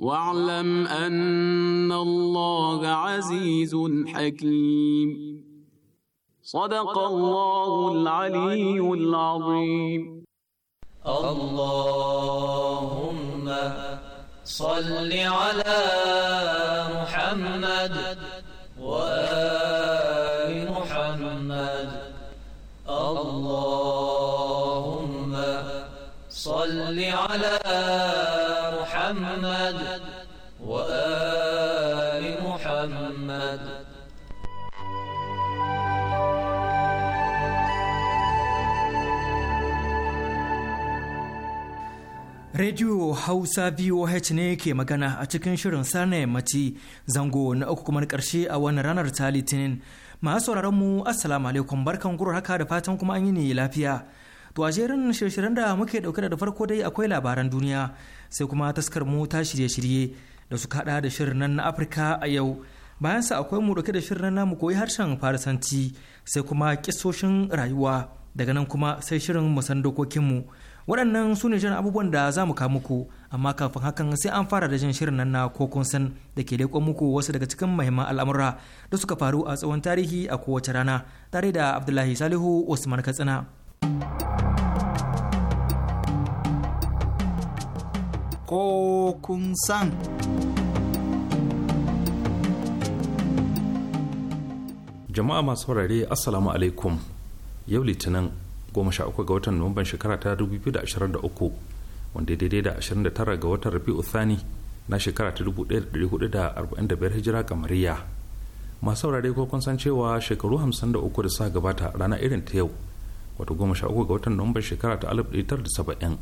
واعلم ان الله عزيز حكيم صدق الله العلي العظيم اللهم صل على محمد وآل محمد اللهم صل على محمد محمد وآل محمد Radio Hausa VOH ne ke magana a cikin shirin sana yammaci zango na uku kuma na ƙarshe a wani ranar ta Litinin. Masu sauraron mu Assalamu alaikum barkan gurur haka da fatan kuma an yi ne lafiya. To a jerin shirye da muke dauke da farko dai akwai labaran duniya sai kuma taskar mu ta shirye-shirye da su kada da shirin nan na Afirka a yau. Bayan sa akwai mu dauke da shirin nan mu koyi harshen Farisanci sai kuma kisoshin rayuwa daga nan kuma sai shirin mu san dokokin mu. Waɗannan su ne jiran abubuwan da za mu kawo muku amma kafin hakan sai an fara da jin shirin nan na kokon san da ke leƙon muku wasu daga cikin mahimman al'amura da suka faru a tsawon tarihi a kowace rana tare da Abdullahi Salihu Usman Katsina. Ko kun san. Jama'a masu saurare Assalamu alaikum yau litinin goma sha uku ga watan Nuwamban shekara ta 2023 wanda daidai da 29 ga watan Rabi'u Thani na shekara ta 1445 hijira kamariya masu saurare ko kun san cewa shekaru 53 da suka gabata rana irin ta yau wata goma sha uku ga watan nuwambar shekara ta alif da saba'in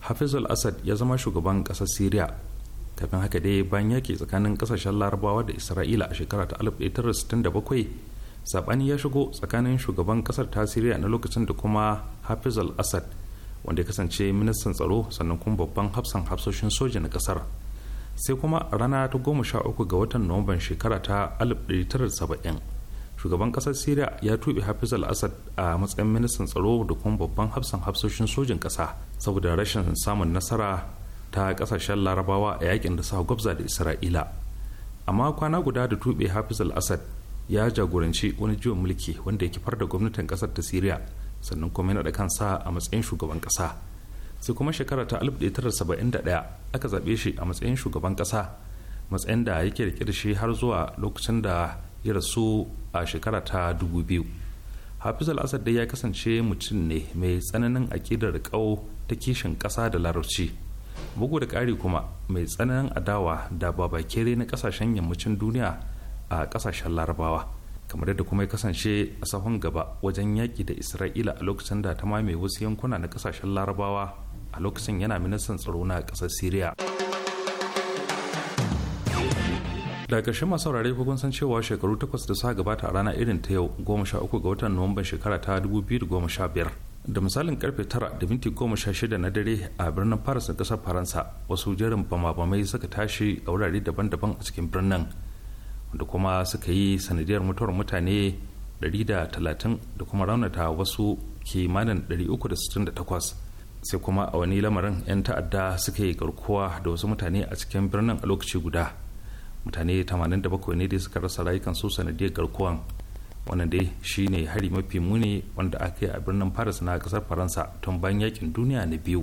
hafiz al-assad ya zama shugaban ƙasar syria kafin haka dai bayan yaki tsakanin ƙasashen larabawa da isra'ila a shekara ta alif da bakwai sabani ya shigo tsakanin shugaban ƙasar ta syria na lokacin da kuma hafiz al-assad wanda ya kasance ministan tsaro sannan kuma babban hafsan hafsoshin soja na ƙasar sai kuma rana ta goma sha uku ga watan nuwamban shekara ta alif da saba'in shugaban kasar syria ya tuɓe hafiz al-assad a matsayin ministan tsaro da kuma babban hafsan hafsoshin sojin kasa saboda rashin samun nasara ta ƙasashen larabawa a yakin da suka gwabza da isra'ila amma kwana guda da tuɓe hafiz al-assad ya jagoranci wani jiwon mulki wanda ya kifar da gwamnatin ƙasar ta syria sannan kuma yana da kansa a matsayin shugaban kasa sai kuma shekara ta 1971 aka zaɓe shi a matsayin shugaban ƙasa matsayin da yake da shi har zuwa lokacin da ya rasu a shekara ta 2000 hafiz al-assad dai ya kasance mutum ne mai tsananin aƙidar kawo ta kishin ƙasa da larabci bugu da ƙari kuma mai tsananin adawa da babakere na ƙasashen yammacin duniya a ƙasashen larabawa kamar yadda kuma ya kasance a sahun gaba wajen yaƙi da isra'ila a lokacin da ta mame wasu yankuna na ƙasashen larabawa a lokacin yana ministan tsaro na ƙasar syria da ƙarshe masu saurare ko kun san cewa shekaru takwas da suka gabata a rana irin ta yau goma sha uku ga watan nuwamban shekara ta dubu biyu da goma sha biyar da misalin karfe tara da minti goma sha shida na dare a birnin paris na ƙasar faransa wasu jerin bama-bamai suka tashi a wurare daban-daban a cikin birnin wanda kuma suka yi sanadiyar mutuwar mutane dari da kuma raunata wasu kimanin 368 sai kuma a wani lamarin 'yan ta'adda suka yi garkuwa da wasu mutane a cikin birnin a lokaci guda mutane 87 ne da suka rasa rayukan su sanadiyar garkuwan wannan dai shine hari mafi muni wanda aka yi a birnin paris na kasar faransa tun bayan yakin duniya na biyu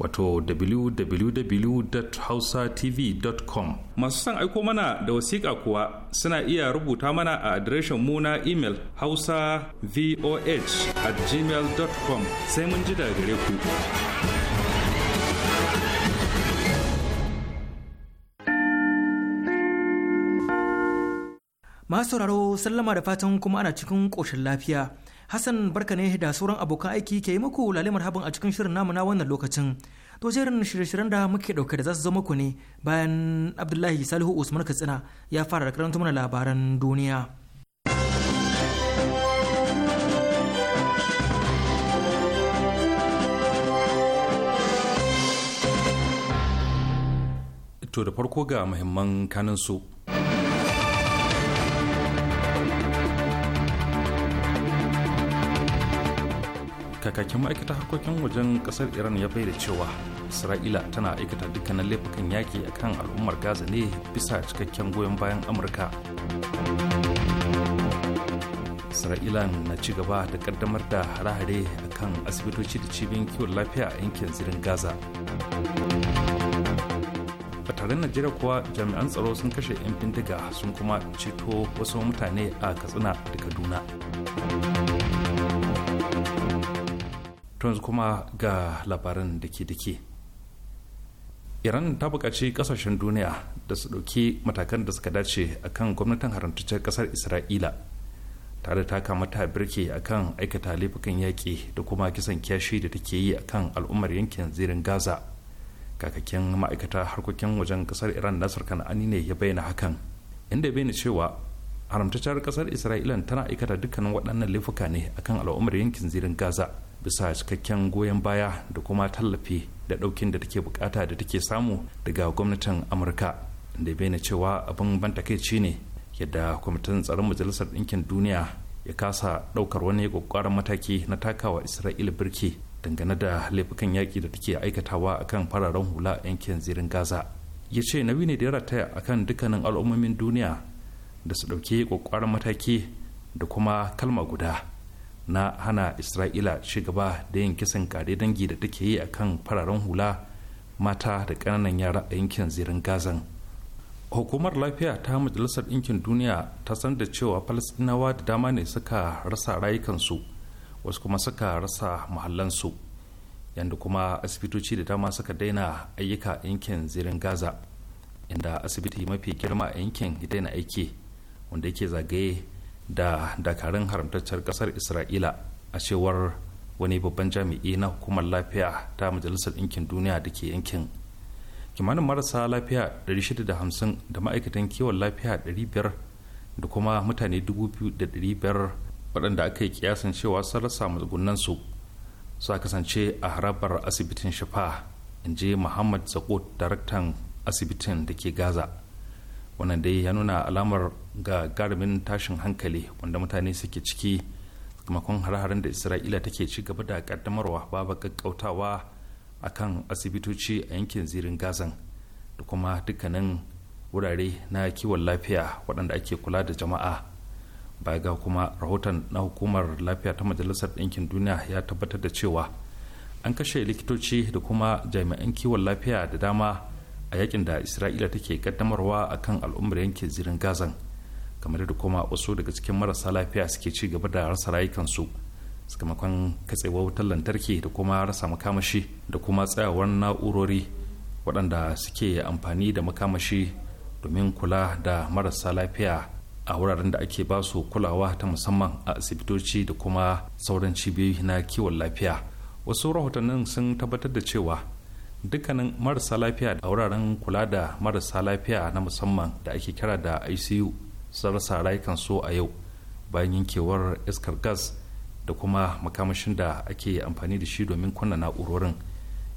wato www.hausatv.com masu son aiko mana da wasiƙa kuwa suna iya rubuta mana a adireshin mu na imel hausa voh at gmail.com sai mun ji daga gare ku masu sauraro sallama da fatan kuma ana cikin ƙoshin lafiya Hassan barka ne da sauran abokan aiki ke yi muku lalimar habin a cikin shirin namu wannan lokacin. To jerin shirye-shiryen da muke dauke da za su zama ku ne bayan Abdullahi Salihu Usman Katsina ya fara da karanta mana labaran duniya. To da farko ga muhimman kanin su. kakakin ma'aikatar harkokin wajen kasar iran ya da cewa isra'ila tana aikata dukkanin laifukan yaƙi akan al'ummar gaza ne bisa cikakken goyon bayan amurka isra'ila na ci gaba da kaddamar da hare-hare a asibitoci da cibiyoyin kiwon lafiya a yankin zirin gaza a taron najeriya kuwa jami'an tsaro sun kashe 'yan bindiga sun kuma ceto wasu mutane a katsina da kaduna to yanzu kuma ga labaran da ke dake iran ta bukaci kasashen duniya da su ɗauki matakan da suka dace akan gwamnatin haramtaccen kasar isra'ila tare ta kama ta birke akan aikata laifukan yaƙi da kuma kisan kyashi da take yi akan al'ummar yankin zirin gaza kakakin ma'aikata harkokin wajen ƙasar iran nasar kan'ani ne ya bayyana hakan inda bayyana cewa haramtaccen kasar isra'ila tana aikata dukkanin waɗannan laifuka ne akan al'ummar yankin zirin gaza bisa cikakken goyon baya da kuma tallafi da ɗaukin da take bukata da take samu daga gwamnatin amurka da bai na cewa abin ban takaici ne yadda kwamitin tsaron majalisar ɗinkin duniya ya kasa ɗaukar wani ƙwaƙƙwaran mataki na takawa isra'ila birki dangane da laifukan yaƙi da take aikatawa akan fararen hula a yankin zirin gaza ya ce nauyi ne da ya rataya akan dukkanin al'ummomin duniya da su ɗauki ƙwaƙƙwaran mataki da kuma kalma guda na hana isra'ila ci gaba da yin kisan kare dangi da take yi akan fararen hula mata da ƙananan yara a yankin zirin gazan hukumar lafiya ta majalisar ɗinkin duniya ta san da cewa falasɗinawa da dama ne suka rasa rayukansu wasu kuma suka rasa mahallansu yadda kuma asibitoci da dama suka daina ayyuka yankin zirin gaza inda asibiti mafi girma a yankin ya daina aiki wanda yake zagaye da dakarun haramtaccen kasar isra'ila a cewar wani babban jami'i na hukumar lafiya ta majalisar ɗinkin duniya da ke yankin kimanin marasa lafiya 650 da ma'aikatan kiwon lafiya 500 da kuma mutane 2,500 waɗanda aka yi kiyasin cewa sun rasa matsugunan su kasance a harabar asibitin shafa in je muhammad zakot daraktan asibitin da ke gaza wannan dai ya nuna alamar ga garamin tashin hankali wanda mutane suke ciki sakamakon har-haren da isra'ila take ci gaba da kaddamarwa babu gaggautawa a kan asibitoci a yankin zirin gazan da kuma dukkanin wurare na kiwon lafiya waɗanda ake kula da jama'a baya ga kuma rahoton na hukumar lafiya ta majalisar ɗinkin duniya ya tabbatar da cewa an kashe likitoci da kuma jami'an kiwon lafiya da dama a yakin da isra'ila take kaddamarwa kan al'ummar yankin zirin gazan kamar da kuma wasu daga cikin marasa lafiya suke ci gaba da rasa rayukansu sakamakon katsewa wutar lantarki da kuma rasa makamashi da kuma tsayawar na'urori waɗanda suke amfani da makamashi domin kula da marasa lafiya a wuraren da ake ba su kulawa ta musamman a asibitoci da kuma sauran cibiyoyi na kiwon lafiya wasu rahotannin sun tabbatar da cewa dukkanin marasa lafiya a wuraren kula da marasa lafiya na musamman da ake kira da icu sun rayukan su a yau bayan yankewar iskar gas da kuma makamashin da ake amfani da shi domin kunna na'urorin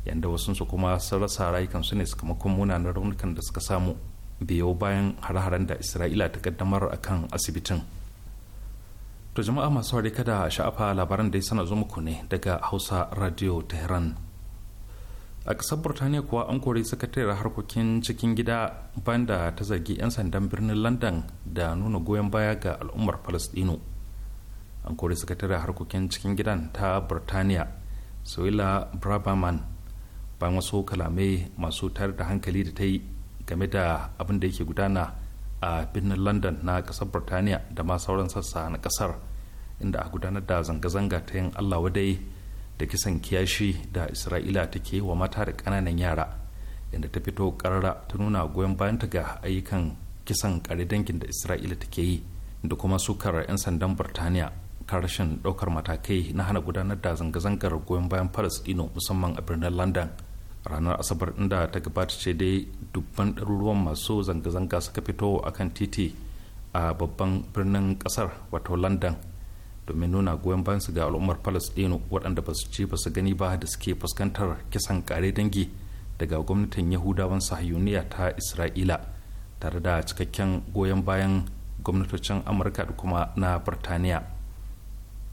yanda su kuma sun rayukan su ne sakamakon munanan raunukan da suka samu biyo bayan hare-haren da isra'ila ta kaddamar a kan asibitin to jama'a masu kada sha'afa labaran da ya sana zo muku ne daga hausa radio tehran a kasar burtaniya kuwa an kori sakatare harkokin cikin gida banda ta zargi 'yan sandan birnin london da nuna goyon baya ga al'ummar palestino an kori sakatare harkokin cikin gidan ta burtaniya soila braverman bayan wasu kalamai masu tayar da hankali da ta yi game da abin da yake gudana a birnin london na kasar burtaniya da ma sauran sassa na kasar inda a gudanar da zanga-zanga ta yin allah wadai da kisan kiyashi da isra'ila take wa mata da kananan yara inda ta fito karara ta nuna goyon bayanta ga ayyukan kisan kare dangin da isra'ila take yi da kuma sukar 'yan sandan birtaniya kan rashin daukar matakai na hana gudanar da zanga-zangar goyon bayan palestino musamman a birnin london ranar asabar inda ta gabata ce dai dubban ɗaruruwan masu zanga-zanga suka fito akan titi a babban birnin ƙasar wato london domin nuna goyon bayansu ga al'ummar palestino waɗanda ba su ce ba su gani ba da suke fuskantar kisan kare dangi daga gwamnatin yahudawan sahiyuniya ta isra'ila tare da cikakken goyon bayan gwamnatocin amurka da kuma na birtaniya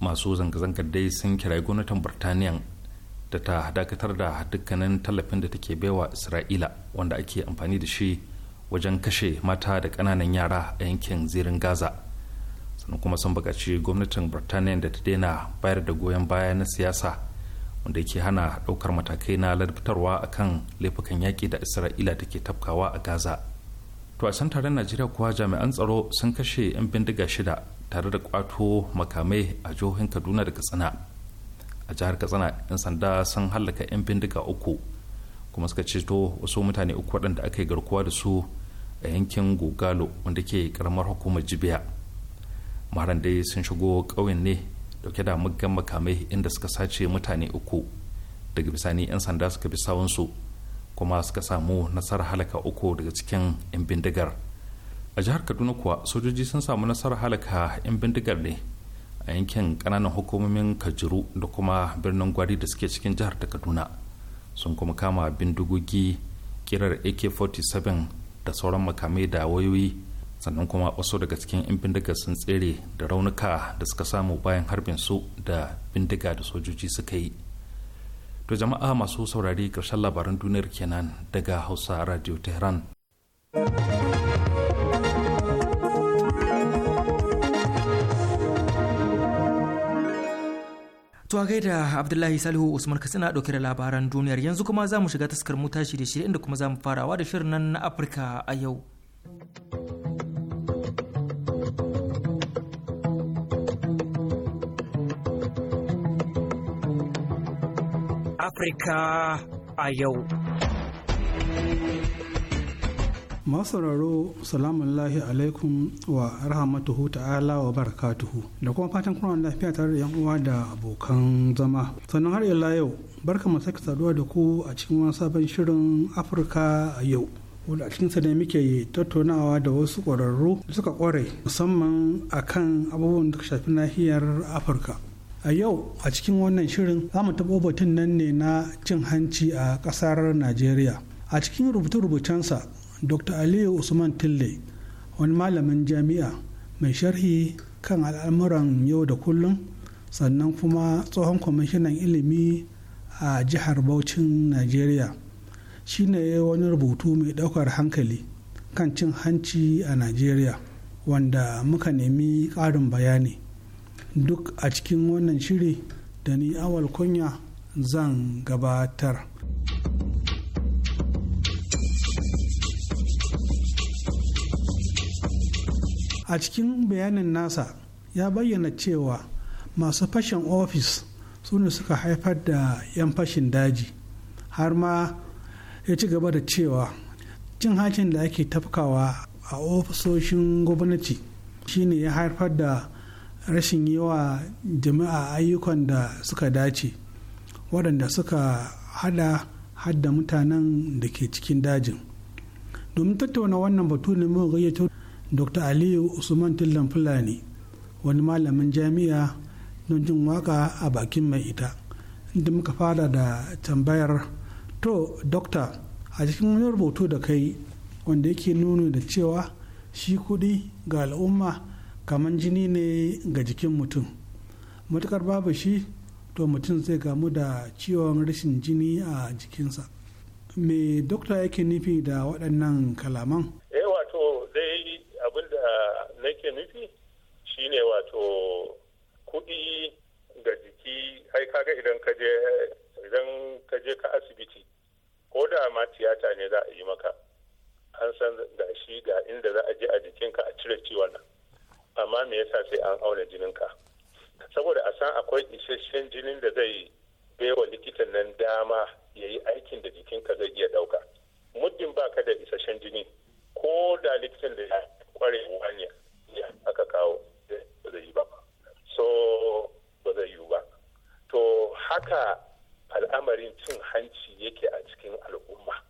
masu zanga-zangar dai sun kirayi gwamnatin birtaniya da ta dakatar da dukkanin tallafin da take baiwa isra'ila wanda ake amfani da shi wajen kashe mata da ƙananan yara a yankin zirin gaza kuma sun bukaci gwamnatin birtaniya da ta daina bayar da goyon baya na siyasa wanda ke hana ɗaukar matakai na ladabtarwa kan laifukan yaƙi da isra'ila da ke tafkawa a gaza to a san taron najeriya kuwa jami'an tsaro sun kashe 'yan bindiga shida tare da kwato makamai a jihohin kaduna da katsina a jihar katsina 'yan sanda sun hallaka 'yan bindiga uku kuma suka ceto wasu mutane uku waɗanda aka yi garkuwa da su a yankin gogalo wanda ke karamar hukumar jibiya maran dai sun shigo ƙauyen ne dauke da muggan makamai inda suka sace mutane uku daga bisani 'yan sanda suka bi sawunsu kuma suka samu nasarar halaka uku daga cikin 'yan bindigar a jihar kaduna kuwa sojoji sun samu nasarar halaka 'yan bindigar ne a yankin kananan hukumomin kajiru da kuma birnin gwari da suke cikin jihar ta kaduna sun kuma kama bindigogi kirar ak-47 da sauran makamai da wayoyi sannan kuma wasu daga cikin 'yan bindiga sun tsere da raunuka da suka samu bayan harbin su da bindiga da sojoji suka yi to jama'a masu saurari ƙarshen labaran duniyar kenan daga hausa radio tehran To a gaida Abdullahi Salihu Usman Katsina ɗauke da labaran duniyar yanzu kuma za mu shiga taskar mu tashi da shirin da kuma za mu farawa da shirin nan na Afirka a yau. Afirka a yau. masauraro salamu alaikum wa rahmatuhu ta'ala wa barakatuhu da kuma fatan kuna lafiya tare da yan uwa da abokan zama sannan har ila yau barka mu sake saduwa da ku a cikin wani sabon shirin afirka a yau wanda a cikinsa ne muke tattaunawa da wasu ƙwararru da suka ƙware musamman akan abubuwan da shafi nahiyar afirka a yau a cikin wannan shirin za mu taɓo batun nan ne na cin hanci a ƙasar najeriya a cikin rubuce-rubucensa dr aliyu usman tille wani malamin jami'a mai sharhi kan al'amuran yau da kullum sannan kuma tsohon kwamishinan ilimi a jihar Bauchin najeriya shine wani rubutu mai ɗaukar hankali kan cin hanci a najeriya wanda muka nemi ƙarin bayani duk a cikin wannan shiri da ni awal kunya zan gabatar. a cikin bayanin nasa ya bayyana cewa masu fashin ofis su ne suka haifar da 'yan fashin daji har ma ya ci gaba da cewa cin hacin da ake tafkawa a ofisoshin gwamnati shine ya haifar da rashin yi wa jama'a ayyukan da suka dace waɗanda suka hada hadda mutanen da ke cikin dajin domin tattauna wannan batu ne mai gayyato dr aliyu usman tillan fulani wani malamin jami'a don jin waka a bakin mai ita inda muka fara da tambayar to dokta a cikin wani rubutu da kai wanda yake nuna da cewa shi kudi ga al'umma kamar jini ne ga jikin mutum matukar babu shi to mutum zai gamu da ciwon rashin jini a jikinsa me dokta yake nufi da waɗannan kalaman eh wato dai abin da nake nufi shine wato kuɗi ga jiki ai kaga idan kaje idan kaje ka asibiti ko da ma tiyata ne za a yi maka an san ga shi ga inda za a je a jikinka a cire ciwon nan amma me yasa sai an auna jininka saboda a san akwai isasshen jinin da zai baiwa likitan nan dama ya yi aikin da jikinka zai iya ɗauka muddin ba ka da isasshen jini ko da likitan da ya kwarewa ya aka kawo ba zai yi ba so ba zai yiwu ba to haka al'amarin cin hanci yake a cikin al'umma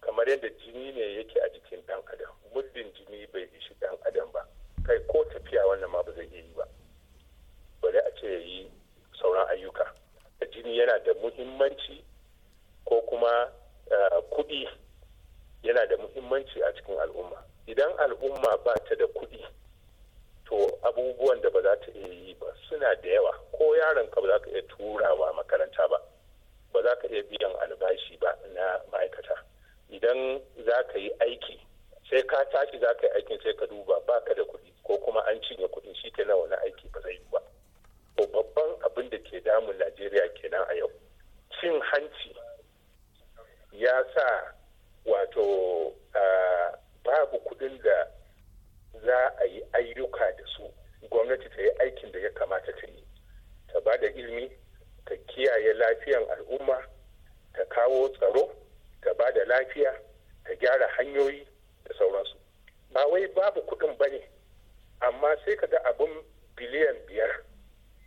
kamar yadda jini ne yake a jikin dan adam muddin jini bai ishi dan adam ba kai ko tafiya wannan ma ba zai iya yi ba bari a ce ya yi sauran ayyuka jini yana da muhimmanci ko kuma eh, kuɗi yana da muhimmanci a cikin al'umma idan al'umma ba ta da kuɗi to abubuwan da ba za ta iya yi ba suna da yawa ko yaron ka ba za ka iya turawa makaranta ba ba za ka iya biyan albashi ba na ma'aikata idan za ka yi aiki sai ka tashi za ka yi aikin sai ka duba ba ka da kuɗi ko kuma an cinye kuɗin shi ke nawa na aiki ba zai yi ba to babban abin da ke damun najeriya kenan a yau cin hanci ya sa wato babu kuɗin da za a yi ayyuka da su gwamnati ta yi aikin da ya kamata ta yi ta ba da ilimi ta kiyaye lafiyan al'umma ta kawo tsaro ta ba da lafiya ta gyara hanyoyi da sauransu ba wai babu kuɗin ba ne amma sai ka ga abin biliyan biyar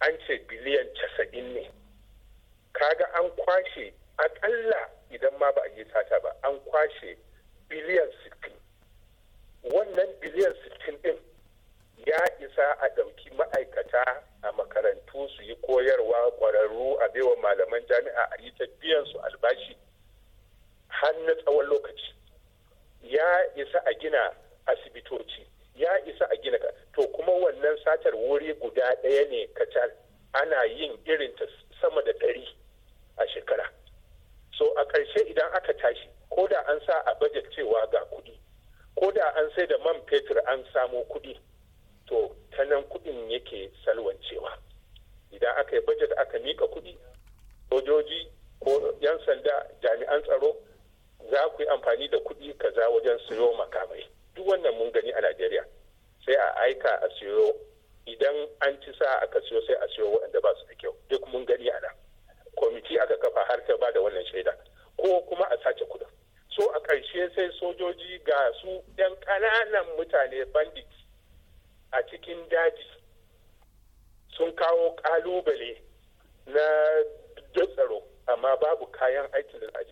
an ce biliyan casa'in ne kaga an kwashe akalla idan ma ba a yi sata ba an kwashe biliyan sittin wannan biliyan sittin din ya isa a ɗauki ma'aikata a makarantu su yi koyarwa ƙwararru a baiwa malaman jami'a a yi biyan su albashi har na tsawon lokaci ya isa a gina asibitoci ya isa a gina ka to kuma wannan satar wuri guda ɗaya ne kacal ana yin irin ta sama da ɗari a shekara so a ƙarshe idan aka tashi ko da an sa a bajet cewa ga kuɗi ko da an sai da man fetur an samo kuɗi to ta nan kuɗin yake salwancewa idan aka yi bajet aka miƙa kuɗi sojoji ko 'yan sanda jami'an tsaro za ku yi amfani da kuɗi kaza wajen siyo makamai duk wannan mun gani a najeriya sai a aika a siyo idan an ci sa aka siyo sai a siyo waɗanda ba su da kyau duk mun gani a nan kwamiti aka kafa har ta ba da wannan shaida ko kuma a sace kudin so a ƙarshe sai sojoji ga su ɗan ƙananan mutane bandit a cikin daji sun kawo ƙalubale na dutsaro amma babu kayan aikin da a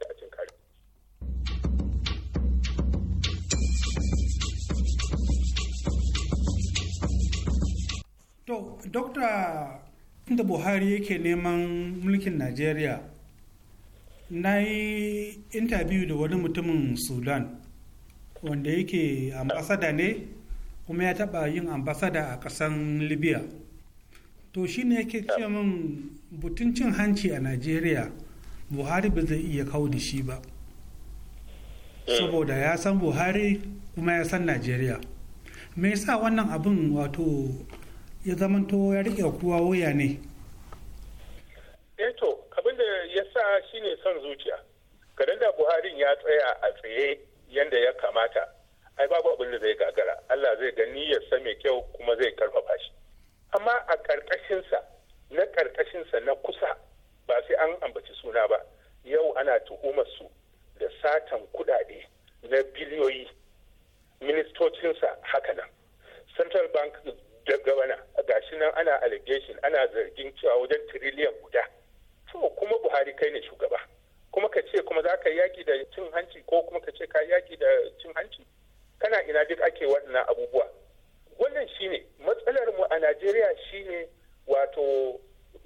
to dokta inda buhari yake neman mulkin najeriya na yi intabiyu da wani mutumin sudan wanda yake ambasada ne kuma ya taɓa yin ambasada a kasan libya to shi ne yake ce min butun cin hanci a najeriya buhari ba zai iya kawo da shi ba saboda ya san buhari kuma ya san najeriya me yasa wannan abin wato ya zama to ya rike kuwa waya ne eto eh abin da ya sa shine son zuciya kadan da buharin ya tsaya a tsaye yadda ya kamata ai babu abin da zai gagara allah zai ga niyyarsa mai kyau kuma zai karfafa shi amma a ƙarƙashinsa na ƙarƙashinsa na kusa ba sai an ambaci suna ba yau ana tuhumar su da satan kuɗaɗe na biliyoyi ministocinsa haka nan central bank da ga gashi nan ana allegation ana zargin cewa wajen tiriliyan guda to kuma buhari kai ne shugaba kuma ka ce kuma za ka yaki da cin hanci ko kuma ka ce ka yaki da cin hanci kana ina duk ake waɗannan abubuwa wannan shine matsalar mu a najeriya shine wato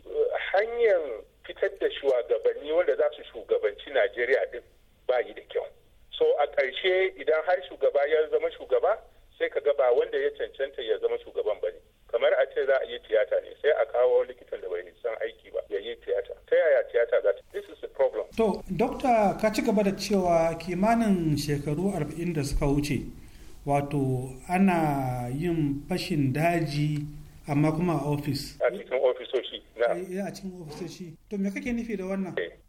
eh, hanyar fitar da shugabanni wanda za su shugabanci najeriya din bayi da kyau so a ƙarshe idan har shugaba ya zama shugaba sai ka ga ba wanda ya cancanta ya zama shugaban ba ne kamar a ce za a yi tiyata ne sai a kawo likitan da bai san aiki ba ya yi tiyata ta yaya tiyata za ta this is the problem to dokta ka ci gaba da cewa kimanin shekaru 40 da suka wuce wato ana yin fashin daji amma kuma a ofis a cikin ofisoshi na eh, a cikin ofisoshi to me kake nufi da wannan eh,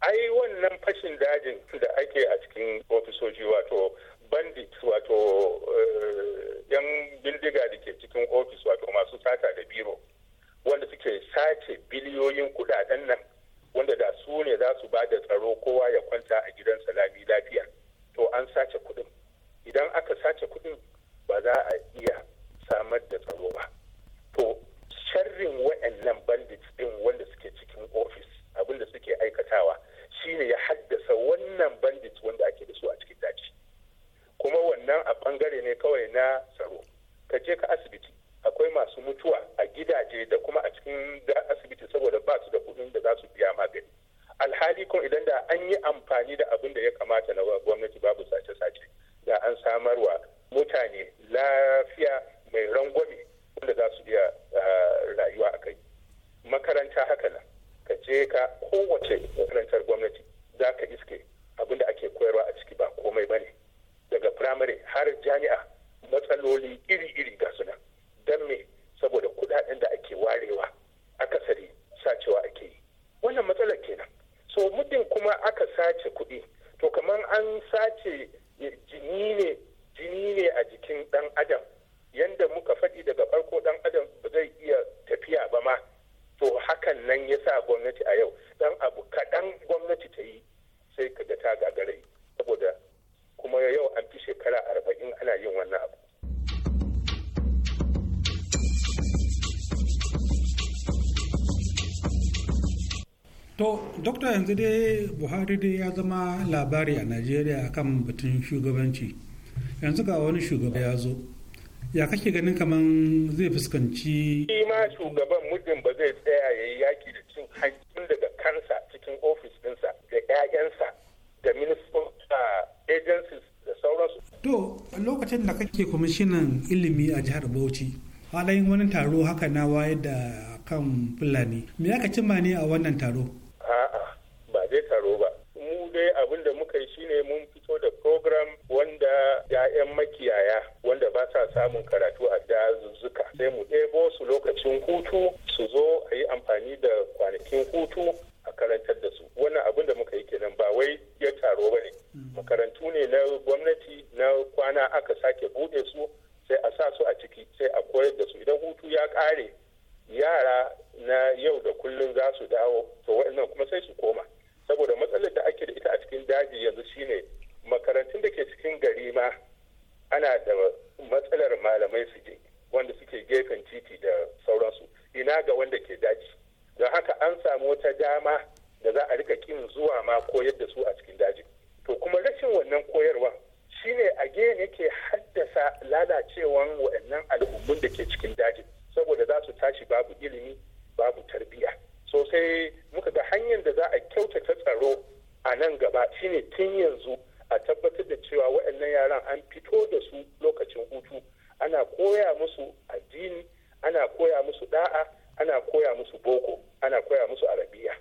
gagarai saboda kuma yau an fi shekara arba'in ana yin wannan abu To, Dokta yanzu dai Buhari dai ya zama labari a Najeriya kan batun shugabanci. Yanzu ga wani shugaba ya zo. Ya kake ganin kaman zai fuskanci... Shi ma shugaban muddin ba zai tsaya ya yi yaki da cin hankin daga kansa cikin ofis ɗinsa da 'ya'yansa da ministan agencies da sauransu. To lokacin da kake kwamishinan ilimi a jihar Bauchi, halayen wani taro haka na wayar da kan Fulani. Me aka cimma ne a wannan taro? A'a, ba zai taro ba. Mu dai abin da muka yi shine mun fito da program wanda 'ya'yan makiyaya wanda ba sa samun karatu a dazuzzuka. Sai mu ɗebo su lokacin hutu su zo a yi amfani da kwanakin hutu karantar da su wannan abin da muka yi kenan ba wai ya taro ba ne mm. makarantu ne na gwamnati na kwana aka sake bude su sai a sa su a ciki sai a koyar da su idan hutu ya kare yara na yau da kullum za su dawo to waɗannan kuma sai su koma saboda matsalar da ake da ita a cikin daji yanzu shine makarantun da ke cikin gari ma ana da matsalar malamai su je wanda suke gefen titi da sauransu ina ga wanda ke daji don haka an samu wata dama da za a rika kin zuwa ma koyar da su a cikin daji to kuma rashin wannan koyarwa shine a gen yake haddasa lalacewan waɗannan al'ummun da ke cikin daji saboda za su tashi babu ilimi babu tarbiyya sosai muka ga hanyar da za a kyautata tsaro a nan gaba shine tun yanzu a tabbatar da cewa waɗannan yaran an fito da su lokacin hutu ana koya musu addini ana koya musu da'a ana koya musu boko ana koya musu arabiya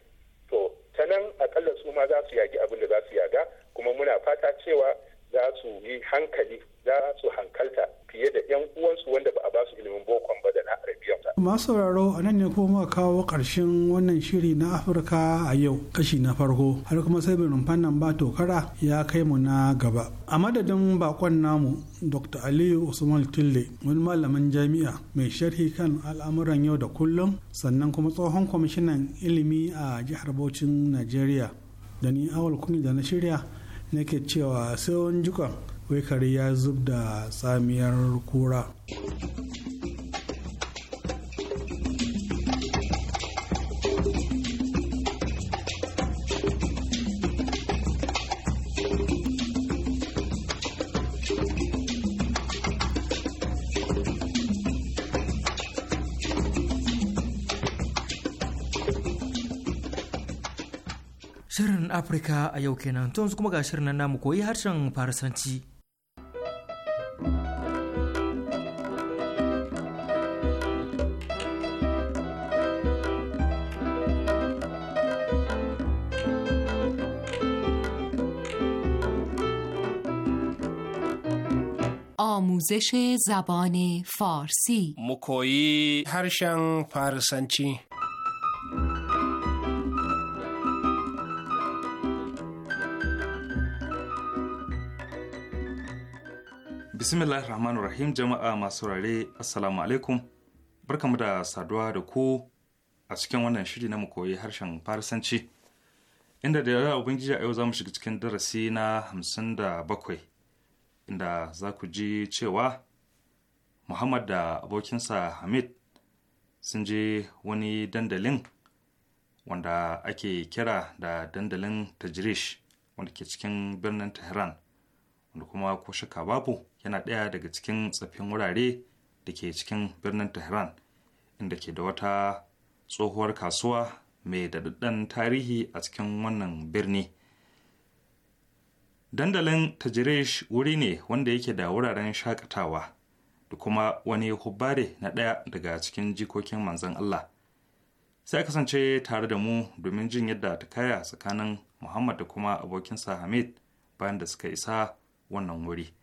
to ta nan akalla su ma za su yagi abin da za su yaga kuma muna fata cewa za su yi hankali za su hankalta fiye da 'yan uwansu wanda ba a basu ilimin bokon ba da na arabiya. masu sauraro a nan ne kuma kawo ƙarshen wannan shiri na afirka a yau kashi na farko har kuma sai rumfan nan ba tokara ya kai mu na gaba a madadin bakon namu dr aliyu usman tille wani malamin jami'a mai sharhi kan al'amuran yau da kullum sannan kuma tsohon kwamishinan ilimi a jihar bauchin najeriya da ni awal kuni da na shirya nake cewa sai wani jikon wai kare ya zub da tsamiyar kura Afirka a yau kenan tun kuma ga shirin nan namu koyi harshen Farisanci. آموزش زبان فارسی مکویی هرشن فارسنچی bismillahir rahman rahim jama'a masu rare assalamu alaikum barkamu da saduwa da ku a cikin wannan shiri na mu koyi harshen farisanci inda da yawa ubangiji a yau za mu shiga cikin darasi na hamsin da bakwai inda za ku ji cewa muhammad da abokinsa hamid sun je wani dandalin wanda ake kira da dandalin tajirish wanda ke cikin birnin tehran wanda kuma ko shaka babu yana ɗaya daga cikin tsaffin wurare da ke cikin birnin tehran inda ke da wata tsohuwar kasuwa mai daɗaɗɗen tarihi a cikin wannan birni dandalin tajirish wuri ne wanda yake da wuraren shakatawa da kuma wani hubbare na ɗaya daga cikin jikokin manzan allah sai kasance tare da mu domin jin yadda ta kaya tsakanin muhammad da kuma abokinsa hamid bayan da suka isa wannan wuri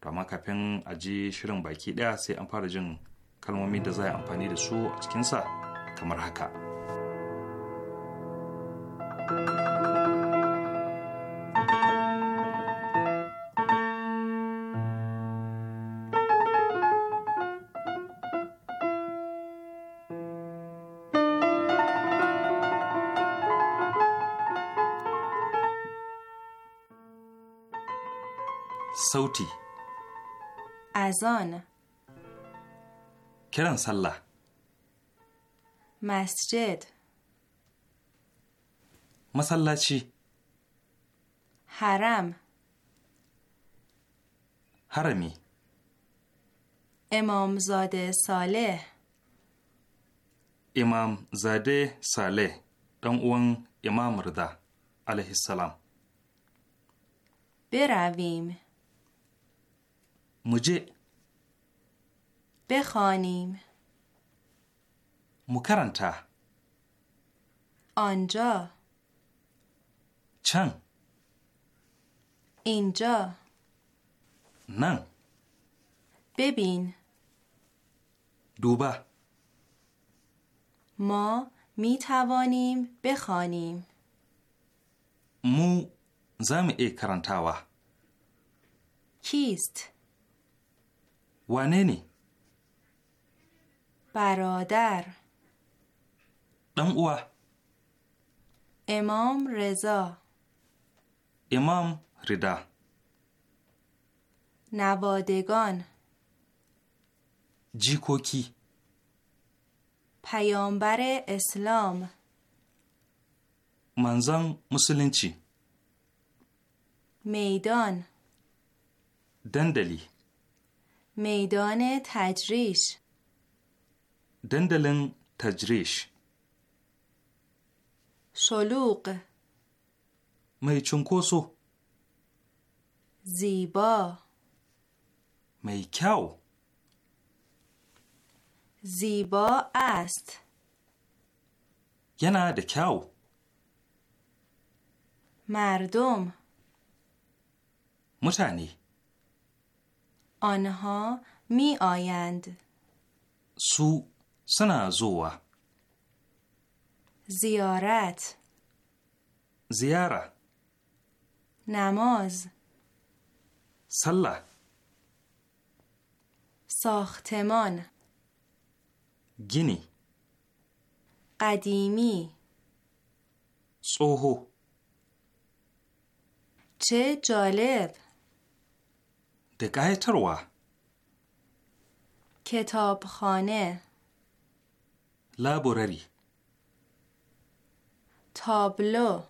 to amma kafin a ji shirin baki ɗaya sai an fara jin kalmomi da za a amfani da su a cikinsa kamar haka sauti azan kiran sallah masjid masallaci haram harami imam zade saleh imam zade saleh ɗan uwan imam rida alaihi salam Beravim. Mujer. بخوانیم مکرنتا آنجا چن اینجا نن ببین دوبه ما می توانیم بخوانیم مو زم ای کرنتاوه کیست؟ واننی؟ برادر دم امام رضا امام رضا نوادگان جیکوکی پیامبر اسلام منزان مسلنچی میدان دندلی میدان تجریش دندلن تجریش شلوغ می چونکوسو زیبا می زیبا است ینا کاو. مردم متعنی آنها می آیند سو سنه زوه زیارت زیاره نماز سله ساختمان گینی قدیمی سوهو چه جالب دگه تروه کتابخانه لابوراری تابلو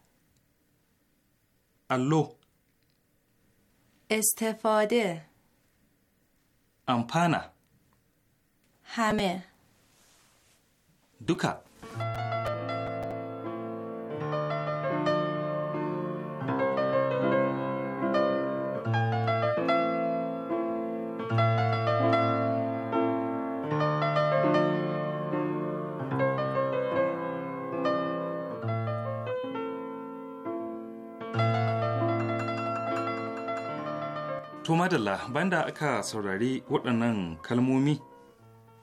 الو استفاده امپانا همه دوکا To madalla banda aka saurari waɗannan kalmomi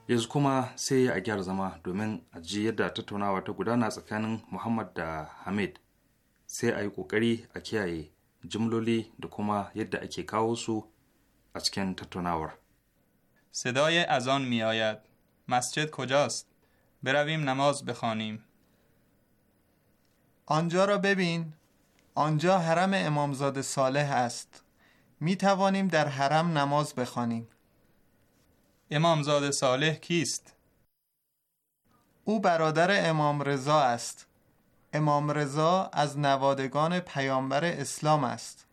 yanzu kuma sai a gyara zama domin a ji yadda tattaunawa ta gudana tsakanin Muhammad da Hamid sai a yi ƙoƙari a kiyaye jimloli da kuma yadda ake kawo su a cikin tattaunawar. صدای اذان می آید. مسجد کجاست؟ برویم نماز بخوانیم. آنجا را ببین. آنجا حرم امامزاده صالح است. می توانیم در حرم نماز بخوانیم. امامزاده صالح کیست؟ او برادر امام رضا است. امام رضا از نوادگان پیامبر اسلام است.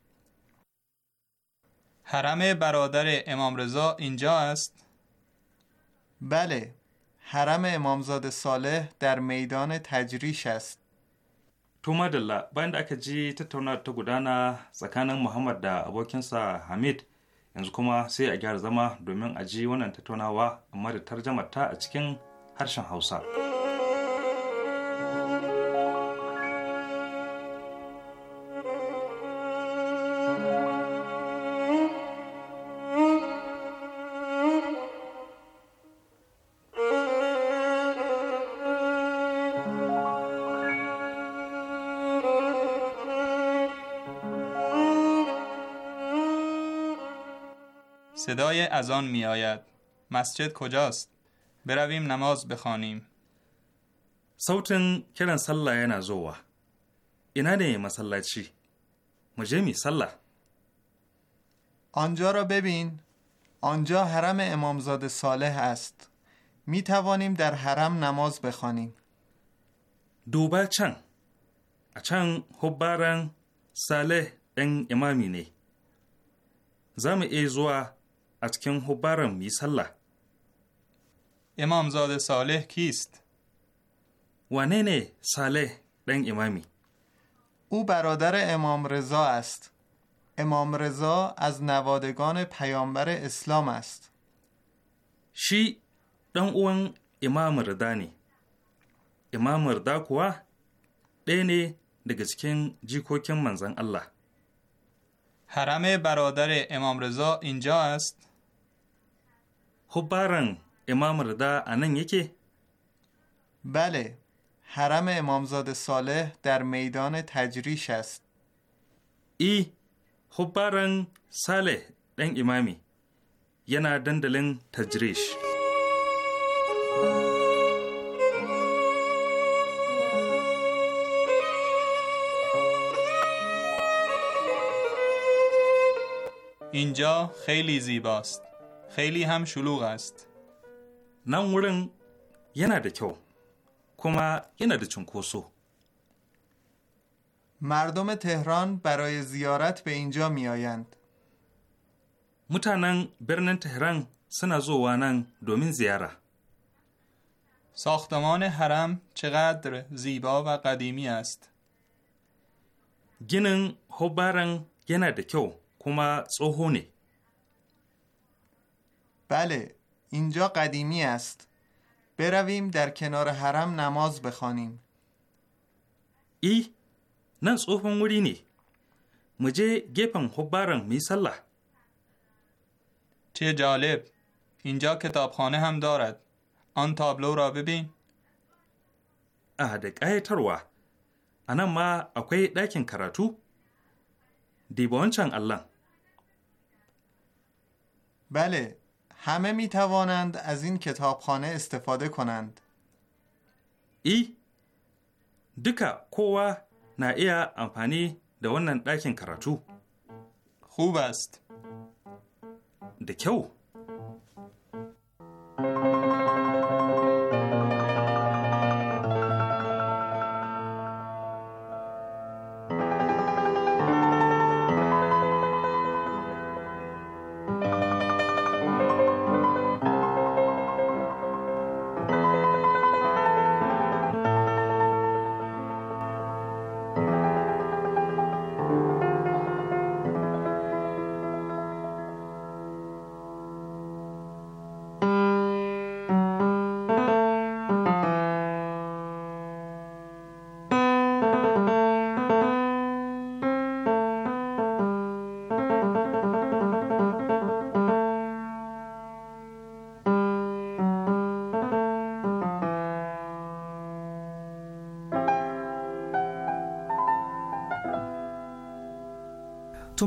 حرم برادر امام رضا اینجا است؟ بله، حرم امامزاده صالح در میدان تجریش است. To madalla bayan da aka ji tattauna ta gudana tsakanin Muhammad da abokinsa Hamid yanzu kuma sai a gyara zama domin a ji wannan tattaunawa amma da tarjamar ta a cikin harshen Hausa. صدای از آن می آید. مسجد کجاست؟ برویم نماز بخوانیم. صوت کلن سلا yana زوا. اینا ne masallaci? چی؟ آنجا را ببین. آنجا حرم امامزاده صالح است. می توانیم در حرم نماز بخوانیم. دوبا چن. اچن حبارن صالح این امامی نه. زم ای زوا a cikin hubbaran mu yi امامزاده صالح کیست؟ وننه صالح دن امامی او برادر امام رضا است امام رضا از نوادگان پیامبر اسلام است شی دن اون امام نی امام رضا کوا دینه daga cikin کن منزن الله حرم برادر امام رضا اینجا است. خب امام رضا انن یکی؟ بله حرم امامزاده صالح در میدان تجریش است ای خب بارن صالح دن امامی ینا دندلن تجریش اینجا خیلی زیباست خیلی هم شلوغ است. نان ورن ینا ده کیو کما ینا ده کوسو. مردم تهران برای زیارت به اینجا می آیند. متانن برنن تهران سنا اوانن دومین زیاره. ساختمان حرم چقدر زیبا و قدیمی است. گینن هوبارن ینا ده کیو کما تsoho بله اینجا قدیمی است برویم در کنار حرم نماز بخوانیم ای نن صوفن وری نی. مجه گپن خبارن می چه جالب اینجا کتابخانه هم دارد آن تابلو را ببین اه da رو. ما ما اکوی داکن کراتو. دیبان الله بله همه می توانند از این کتابخانه استفاده کنند. ای دکا کوا نا ایا امپانی دوانن ونن کراتو خوب است. دکیو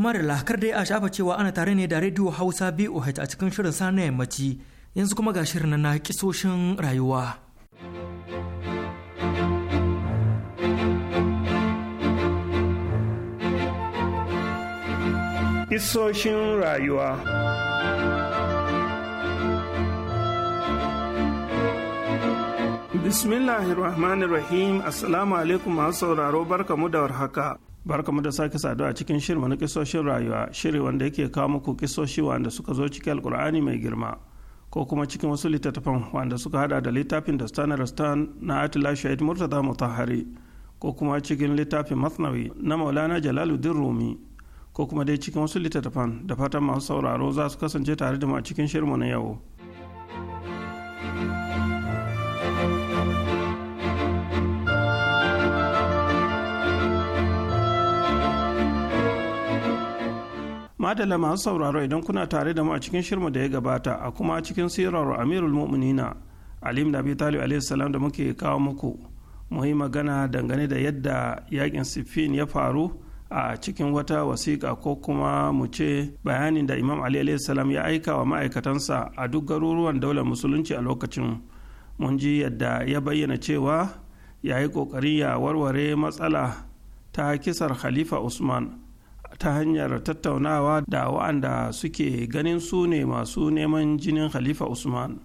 Tumar lakar dai a shafa cewa ana tare ne da Radio Hausa BOH a cikin shirin sa na yammaci yanzu kuma ga shirin na kisoshin rayuwa. Kisoshin rayuwa Bismillahirrahmanirrahim Assalamu alaikum masu sauraro barkamu da warhaka. barkamu da sake saduwa a cikin shirma na kisoshin rayuwa shiri wanda yake kawo muku kisoshi wanda suka zo cikin alkur'ani mai girma ko kuma cikin wasu littattafan wanda suka hada da littafin da stan stan na atila shahid murtada mutahari ko kuma cikin littafin masnawi na maulana jalaluddin rumi ko kuma dai cikin wasu littattafan da fatan masu sauraro za su kasance tare da mu a cikin shirmu na yau madalla masu sauraro idan kuna tare da mu a cikin shirmu da ya gabata a kuma cikin sirar amirul mu'minina alim da bitali da muke kawo muku mu magana dangane da yadda yakin siffin ya faru a cikin wata wasiƙa ko kuma mu ce bayanin da imam ali salam ya aika wa ma'aikatansa a duk garuruwan daular musulunci a lokacin mun ji yadda ya bayyana cewa ya yi ƙoƙari ya warware matsala ta kisar khalifa usman ta hanyar tattaunawa da wa'anda suke ganin su ne masu neman jinin khalifa usman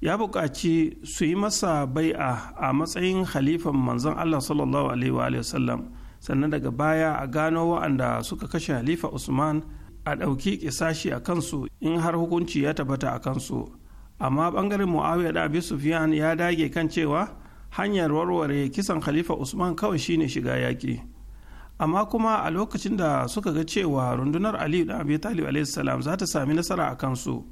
ya buƙaci su yi masa bai'a a matsayin khalifan manzon allah sallallahu alaihi wasallam sannan daga baya a gano wa'anda suka kashe khalifa usman a ɗauki ƙisashi a kansu in har hukunci ya tabbata a kansu amma ɓangaren muawiya da abi sufyan ya dage kan cewa hanyar warware kisan khalifa usman kawai shine shiga yaƙi amma kuma a lokacin da suka ga cewa rundunar aliyu da abu talib salam za ta sami nasara a kansu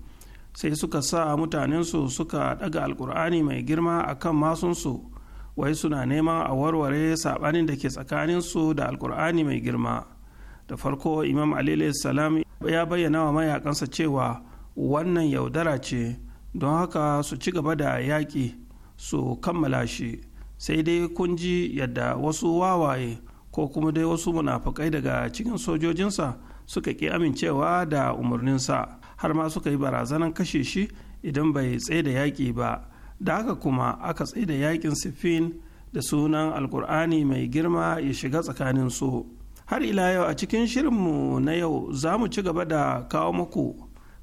sai suka sa mutanensu suka daga alkur'ani mai girma a kan masunsu wai suna neman a warware saɓanin da ke tsakaninsu da alkur'ani mai girma da farko imam ali salam ya bayyana wa mayakansa cewa wannan yaudara ce don haka su ci gaba da yaƙi su kammala shi sai dai kun ji yadda wasu wawaye ko kuma dai wasu munafukai daga cikin sojojinsa suka ƙi amincewa da umarninsa har ma suka yi barazanan kashe shi idan bai tsaye da yaƙi ba da haka kuma aka tsaye da yaƙin siffin da sunan alkur'ani mai girma ya shiga tsakanin su har ila yau a cikin shirinmu na yau za mu ci gaba da kawo muku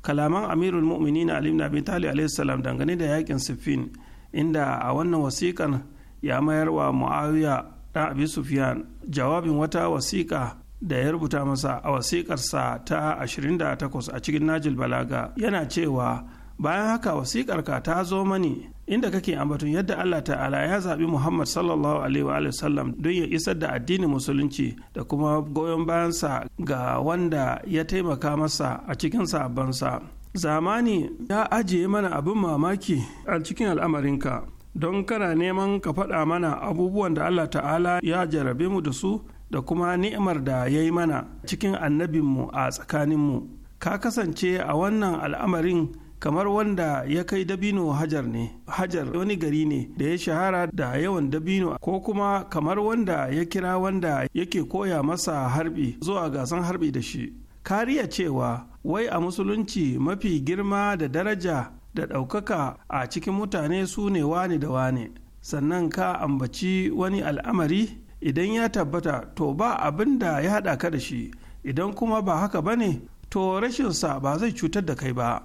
kalaman amirul mu'minin ali ibn abi salam dangane da yaƙin siffin inda a wannan wasiƙan ya mayar wa muawiya ɗan abi sufiyan jawabin wata wasiƙa da ya rubuta masa a wasiƙarsa ta 28 a cikin najil balaga yana cewa bayan haka wasiƙarka ta zo mani inda kake ambaton yadda Allah ta'ala ya zaɓi Muhammad sallallahu alaihi wa sallam don ya isar da addinin musulunci da kuma goyon bayansa ga wanda ya taimaka masa a cikin sabansa. Zamani ya ajiye mana abin mamaki a cikin al'amarinka don kana neman ka faɗa mana abubuwan da Allah ta'ala ya jarabe mu da su da kuma ni'imar da ya yi mana cikin annabinmu a tsakaninmu ka kasance a wannan al'amarin kamar wanda ya kai dabino hajar ne hajar wani gari ne da ya shahara da yawan dabino ko kuma kamar wanda ya kira wanda yake koya masa harbi zuwa gasan harbi da shi kariya cewa wai a musulunci mafi girma da daraja da ɗaukaka a cikin mutane su ne wane da wane sannan ka ambaci wani al'amari idan ya tabbata to ba abin da ya haɗa ka da shi idan kuma ba haka ba ne to rashinsa ba zai cutar da kai ba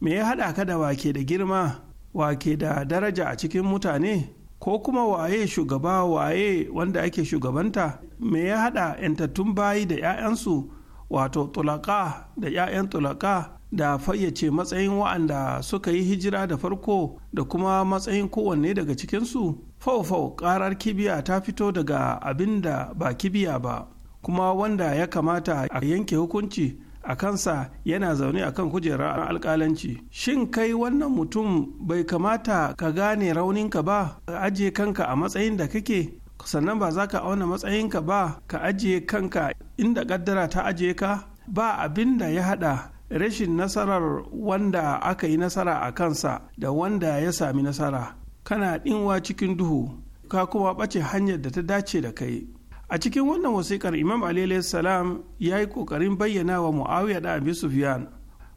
me ya haɗa ka da wake da girma wake da daraja a cikin mutane ko kuma waye shugaba waye wanda ake shugabanta me ya haɗa yantattun bayi da 'ya'yansu wato tulaka da 'ya'yan tulaka da fayyace matsayin wa'anda suka yi hijira da farko da kuma matsayin kowanne daga cikinsu fa'u-fa'u karar kibiya ta fito daga abin da ba kibiya ba kuma wanda ya kamata a yanke hukunci a kansa yana zaune a kan kujerar alkalanci shin kai wannan mutum bai kamata ka gane rauninka ba ka ajiye kanka a matsayin da kake sannan ba za ka auna matsayinka ba ka ajiye kanka inda kaddara ta ajiye ka ba abin da ya hada rashin nasarar wanda aka yi nasara a kansa da wanda ya sami nasara kana ɗinwa cikin duhu ka kuma ɓace hanyar da ta dace da kai a cikin wannan wasiƙar imam ali salam ya yi ƙoƙarin bayyana wa muawiya da abi sufyan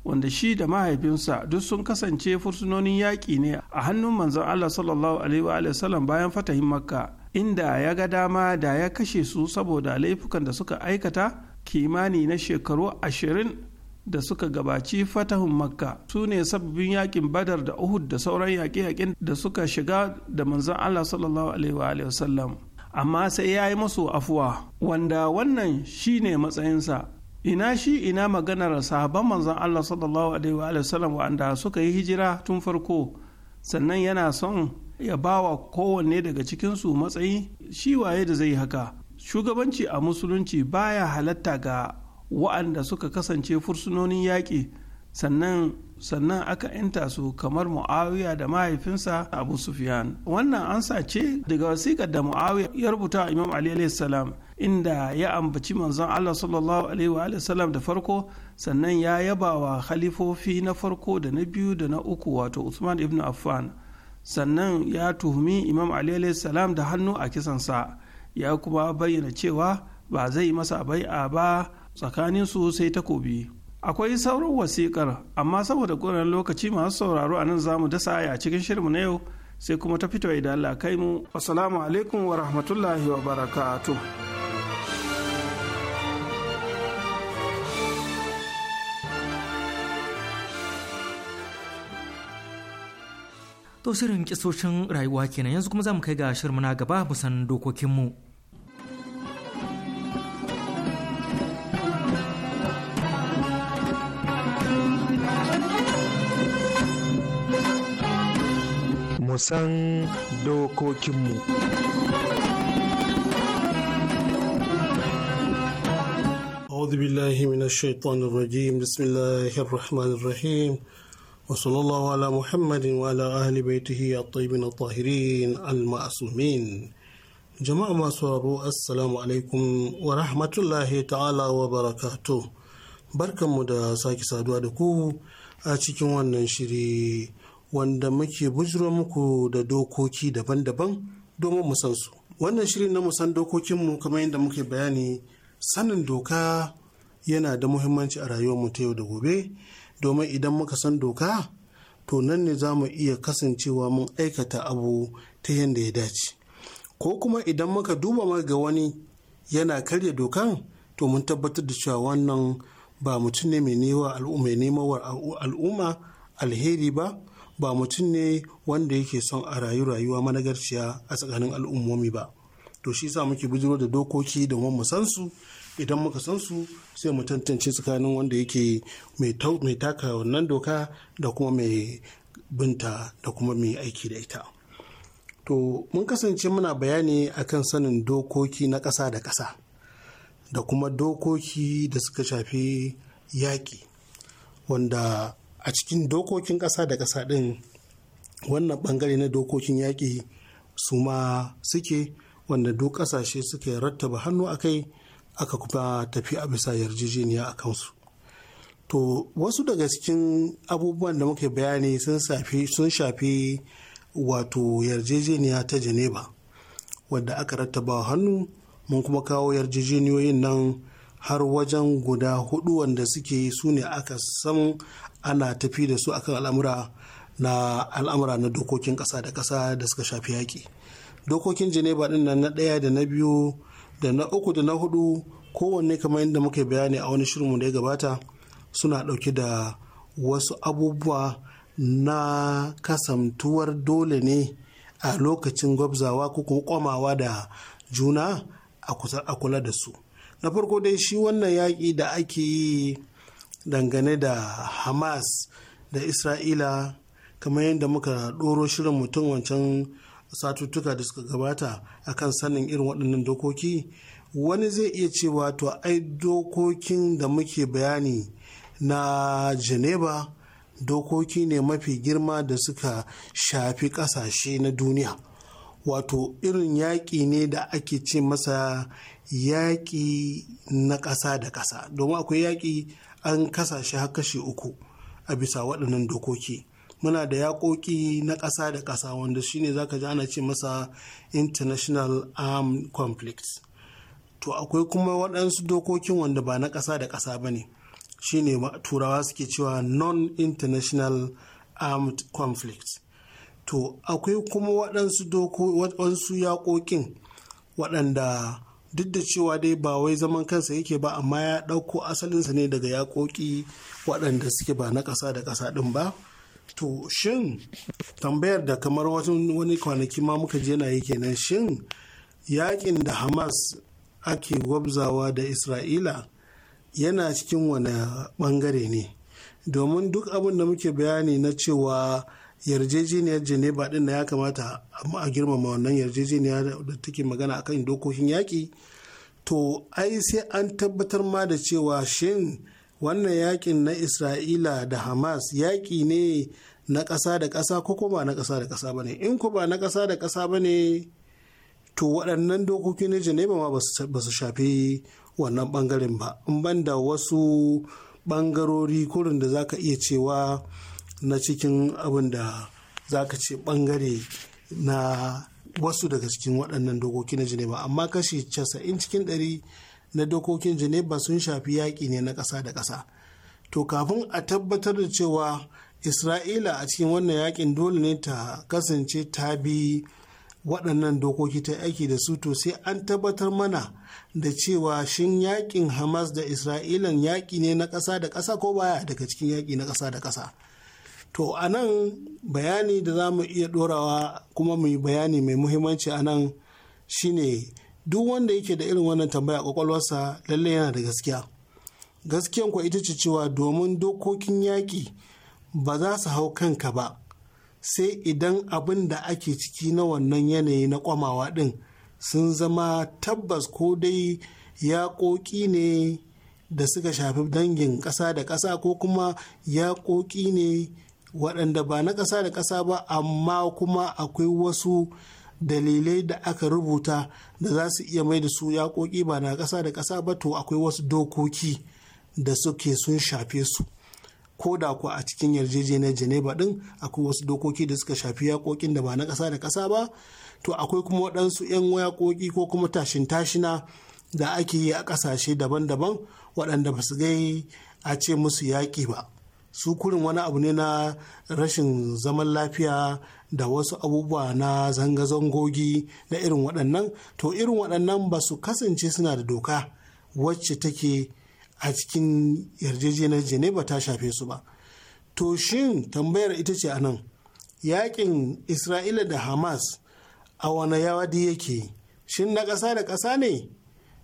wanda shi da mahaifinsa duk sun kasance fursunonin yaƙi ne a hannun manzon allah sallallahu alaihi wa Salam bayan fatahin makka inda ya ga dama da ya kashe su saboda laifukan da suka aikata kimani na shekaru ashirin da suka gabaci fatahun makka su ne sababin yakin badar da uhud da sauran yaƙe-yaƙen da suka shiga da manzon allah sallallahu alaihi wasallam amma sai ya yi masu afuwa wanda wannan shi ne matsayinsa ina shi ina maganar sahabban manzon allah sallallahu alaihi wasallam wanda suka yi hijira tun farko sannan yana son ya bawa kowanne daga cikinsu matsayi shi waye da zai haka shugabanci a musulunci baya halatta ga waɗanda suka kasance fursunonin yaƙi sannan aka inta su kamar muawiya da mahaifinsa abu sufyan wannan an ce daga wasiƙar da muawiya ya rubuta a imam ali salam inda ya ambaci manzon allah sallallahu alaihi wa sallam da farko sannan ya yaba wa khalifofi na farko da na biyu da na uku wato usman ibn affan sannan ya tuhumi imam ali salam da hannu a kisansa ya kuma bayyana cewa ba zai masa bai'a ba tsakanin su sai takobi akwai sauran wasikar amma saboda ƙoran lokaci masu sauraro a nan zamu dasa a cikin shirinmu na yau sai kuma ta fito idan Allah kai mu assalamu alaikum wa rahmatullahi wa barakatuh To shirin kisoshin rayuwa kenan yanzu kuma za mu kai ga shirin na gaba musan dokokinmu. mu san dokokinmu. أعوذ بالله من الشيطان الرجيم بسم الله الرحمن الرحيم وصلى الله على محمد وعلى أهل بيته الطيبين الطاهرين المعصومين جماعة ما سواروا السلام عليكم ورحمة الله تعالى وبركاته barkanmu da sake saduwa da ku a cikin wannan shiri wanda muke bujiro muku da dokoki daban-daban domin mu san su wannan shirin na musan dokokinmu kamar yadda muke bayani sanin doka yana da muhimmanci a rayuwarmu ta yau da gobe domin idan muka san doka to nan ne za mu iya kasancewa mun aikata abu ta yadda ya dace ko kuma idan muka duba ga wani yana karya dokan to mun tabbatar da cewa wannan ba mutum ne mai neman al'umma alheri ba ba mutum ne wanda yake son a rayu rayuwa managarciya a tsakanin al'ummomi ba to shi sa muke bujiro da dokoki domin mu san idan muka san su sai mu tantance tsakanin wanda yake mai taka wannan doka da kuma mai binta da kuma mai aiki da ita to mun kasance muna bayani akan sanin dokoki na ƙasa da ƙasa da kuma dokoki da suka shafi yaƙi wanda a cikin dokokin ƙasa da ƙasa ɗin wannan ɓangare na dokokin yaƙi su ma suke wanda duk ƙasashe suka rattaba hannu a kai aka kuma tafi a bisa yarjejeniya a kansu to wasu daga cikin abubuwan da muka bayani sun shafi wato yarjejeniya ta geneva wadda aka rattaba hannu mun kuma kawo yarjejeniyoyin nan har wajen guda hudu wanda suke su ne aka san ana tafi da su akan al'amura na al'amura na dokokin ƙasa da ƙasa da suka shafi yaƙi dokokin geneva din nan na ɗaya da na biyu da na uku da na hudu kowanne kamar yadda muka bayani a wani shirinmu da ya gabata suna ɗauke da wasu abubuwa na kasamtuwar dole ne a lokacin gwabzawa ko kuma komawa da juna a kula da su na farko dai shi wannan yaƙi da ake yi dangane da hamas da isra'ila kamar yadda muka ɗoro shirin mutum wancan satuttuka da suka gabata akan sanin irin waɗannan dokoki wani zai iya cewa to ai dokokin da muke bayani na geneva dokoki ne mafi girma da suka shafi ƙasashe na duniya wato irin yaƙi ne da ake ce masa yaƙi na ƙasa da ƙasa domin akwai yaƙi an kasa shi har kashi uku a bisa waɗannan dokoki muna da yaƙoƙi na ƙasa da ƙasa wanda shine zaka ji ana ce masa international arm conflicts to akwai kuma waɗansu dokokin wanda ba na ƙasa da ƙasa ba ne shine turawa suke cewa non-international armed conflicts to akwai kuma waɗansu waɗansu yaƙoƙin waɗanda duk da cewa dai ba wai zaman kansa yake ba amma ya ɗauko asalinsa ne daga yaƙoƙi waɗanda suke ba na ƙasa da ƙasa ɗin ba to shin tambayar da kamar wani kwanaki ma muka je na yake nan shin yaƙin da hamas ake gwabzawa da isra'ila yana cikin wani ɓangare ne domin duk abin da muke bayani na cewa yarjejeniyar geneva din na ya kamata a girmama wannan yarjejeniya da take magana akan dokokin yaƙi to ai sai an tabbatar ma da cewa shin wannan yaƙin na isra'ila da hamas yaƙi ne na ƙasa da ƙasa ko kuma na ƙasa da ƙasa ba ne in ko ba na ƙasa da ƙasa ba ne to waɗannan dokoki na geneva ma ba su shafi wannan ɓangaren ba in ban da wasu ɓangarori kurin da za ka iya cewa na cikin abin da za ka ce bangare na wasu daga cikin waɗannan dokoki na Geneva amma kashi casa'in cikin ɗari na dokokin Geneva sun shafi yaƙi ne na ƙasa da ƙasa. To kafin a tabbatar da cewa Isra'ila a cikin wannan yaƙin dole ne ta kasance ta bi waɗannan dokoki ta aiki da su to sai an tabbatar mana da cewa shin yaƙin Hamas da Isra'ilan yaƙi ne na ƙasa da ƙasa ko baya daga cikin yaƙi na ƙasa da ƙasa. to a nan bayani da za mu iya dorawa kuma mu yi bayani mai muhimmanci a nan shine duk wanda yake da irin wannan tambaya kwakwalwarsa lallai yana da gaskiya gaskiyan kuwa ita ce cewa domin dokokin yaƙi ba za su hau kanka ba sai idan abin da ake ciki na wannan yanayi na kwamawa ɗin sun zama tabbas ko dai yaƙoƙi ne da suka shafi dangin ƙasa da ƙasa ko kuma yaƙoƙi ne waɗanda ba na ƙasa da ƙasa ba amma kuma akwai wasu dalilai da aka rubuta da za su iya mai da su yaƙoƙi ba na ƙasa da ƙasa ba to akwai wasu dokoki da suke sun shafe su ko da ku a cikin yarjejeniyar geneva ɗin akwai wasu dokoki da suka shafi yaƙoƙin da ba na ƙasa da ƙasa ba to akwai kuma waɗansu 'yan yaƙoƙi ko kuma tashin tashina da ake yi a ƙasashe daban-daban waɗanda ba su gai a ce musu yaƙi ba su kurin wani abu ne na rashin zaman lafiya da wasu abubuwa na zanga-zangogi na irin waɗannan to irin waɗannan ba su kasance suna da doka wacce take a cikin yarjejeniyar geneva ta shafe su ba to shin tambayar ita ce a nan yakin isra'ila da hamas a wani yawadi yake shin na ƙasa da ƙasa ne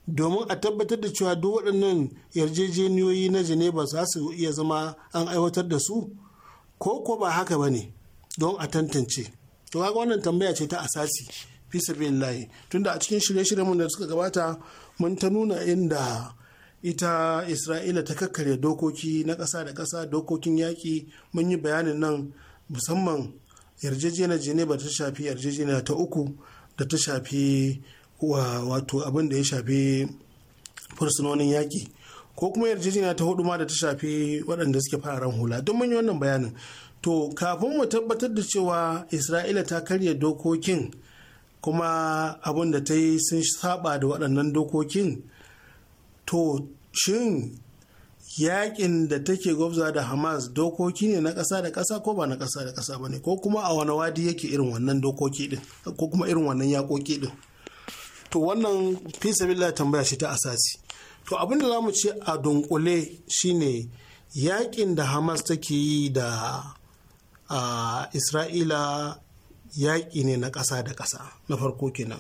domin a tabbatar da cewa duk waɗannan yarjejeniyoyi na geneva za su iya zama an aiwatar da su ko ko ba haka ba ne don a tantance to kaga wannan tambaya ce ta asasi fi sabilillahi tunda a cikin shirye-shiryen mu da suka gabata mun ta nuna inda ita isra'ila ta kakkarya dokoki na ƙasa da ƙasa dokokin yaƙi mun yi bayanin nan musamman yarjejeniyar geneva ta shafi yarjejeniya ta uku da ta shafi wa wato abin da ya shafi fursunonin yaƙi ko kuma yarjejeniya ta hudu ma da ta shafi waɗanda suke fararen hula duk mun yi wannan bayanin to kafin mu tabbatar da cewa isra'ila ta karya dokokin kuma abin da ta yi sun saba da waɗannan dokokin to shin yaƙin da take gwabza da hamas dokoki ne na ƙasa da ƙasa ko ba na ƙasa da ƙasa ba ne ko kuma a wani wadi yake irin wannan dokoki din ko kuma irin wannan yaƙoƙi din to wannan fi tambaya ce ta asasi to abin da za mu ce a dunkule shine yakin da hamas take yi da a isra'ila yaƙi ne na ƙasa da ƙasa na farko kenan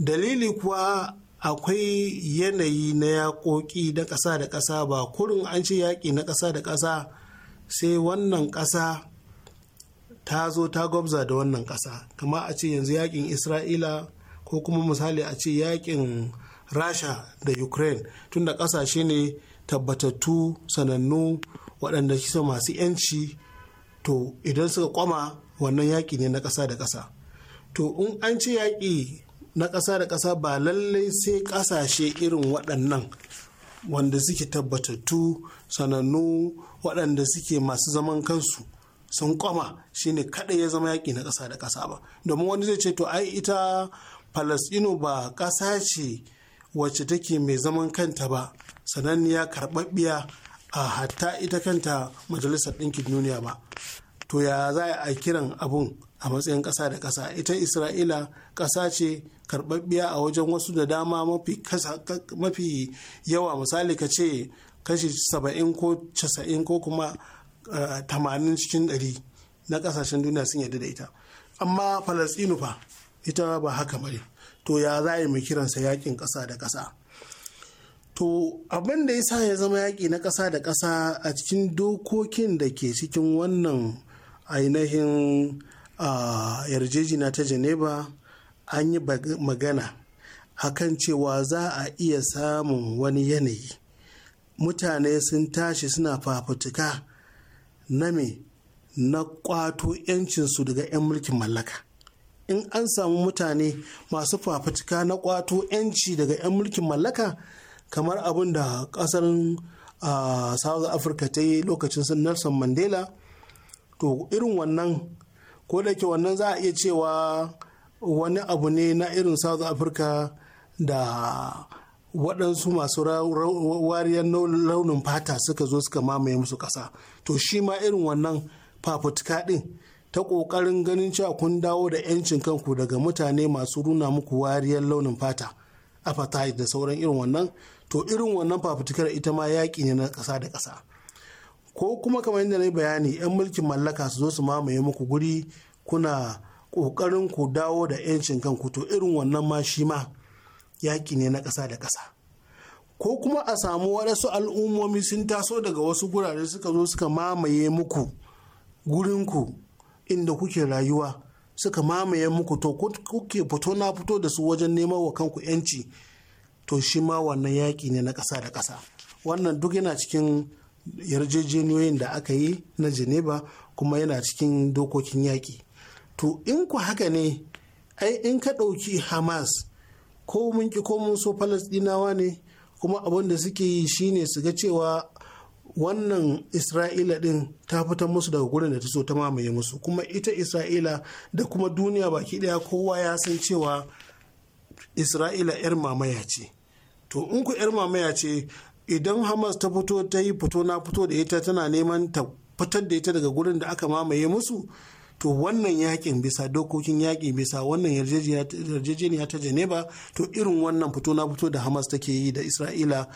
dalili kuwa akwai yanayi na yaƙoƙi na ƙasa da ƙasa ba kurin an ce yaƙi na ƙasa da ƙasa sai wannan ƙasa ta zo ta gwabza da wannan ƙasa kama a ce yanzu yaƙin isra'ila ko kuma misali a ce yakin rasha da ukraine tunda kasashe ne tabbatattu sanannu waɗanda kisa masu 'yanci to idan suka kwama wannan yaƙi ne na ƙasa da ƙasa to in an ce yaƙi na ƙasa da ƙasa ba lallai sai ƙasashe irin waɗannan wanda suke tabbatattu sanannu waɗanda suke masu zaman kansu sun kwama shine kaɗai ya zama yaƙi na ƙasa da ƙasa ba domin wani zai ce to ai ita falasino ba ƙasa ce wacce take mai zaman kanta ba sananniya karɓaɓɓiya a hatta ita kanta majalisar ɗinkin duniya ba to ya za a kiran abun a matsayin ƙasa da ƙasa ita isra'ila ƙasa ce karɓaɓɓiya a wajen wasu da dama mafi yawa misali ka ce kashi 70 ko 90 ko kuma eh, tamanin cikin 100 na ƙasashen duniya sun yarda da ita amma Falasino fa ita ba haka bane to ya za a yi mai kiransa yakin ƙasa da ƙasa to abin da ya sa ya zama yaƙi na ƙasa da ƙasa a cikin dokokin da ke cikin wannan ainihin yarjejina ta geneva an yi magana akan cewa za a iya samun wani yanayi mutane sun tashi suna fafutuka na me na kwato 'yancinsu daga 'yan mulkin mallaka in an samu mutane masu fafutuka na kwato 'yanci daga 'yan mulkin mallaka kamar abin da kasar south africa ta yi lokacin sun nelson mandela to irin wannan ko da ke wannan za a iya cewa wani abu ne na irin south africa da waɗansu masu wariyar launin fata suka zo suka mamaye musu ƙasa to shi ma irin wannan fafutuka ɗin ta ƙoƙarin ganin cewa kun dawo da 'yancin kanku daga mutane masu runa muku wariyar launin fata apartheid da sauran irin wannan to irin wannan fafutukar ita ma yaƙi ne na ƙasa da ƙasa ko kuma kamar yadda na yi bayani 'yan mulkin mallaka su zo su mamaye muku guri kuna ƙoƙarin ku dawo da 'yancin kanku to irin wannan ma shi ma yaƙi ne na ƙasa da ƙasa ko kuma a samu waɗansu al'ummomi sun taso daga wasu gurare suka zo suka mamaye muku gurinku inda kuke rayuwa suka mamaye muku to kuke fito na fito da su wajen neman wa kanku yanci to shi ma wannan yaƙi ne na ƙasa da ƙasa wannan duk yana cikin yarjejeniyoyin da aka yi na geneva kuma yana cikin dokokin yaƙi to in ku haka ne ai in ka ɗauki hamas ko mun ki ko mun so falastinawa ne kuma abin da suke yi shine su ga cewa wannan isra'ila din ta fitar musu daga gurin da ta so ta mamaye musu kuma ita isra'ila da kuma duniya baki daya kowa ya san cewa isra'ila 'yar mamaya ce to in ku 'yar mamaya ce idan hamas ta fito ta yi fito na fito da ita tana neman ta fitar da ita daga gurin da aka mamaye musu to wannan yakin bisa dokokin yaƙi bisa wannan yarjejeniya ta geneva to irin wannan fito na fito da hamas take yi da isra'ila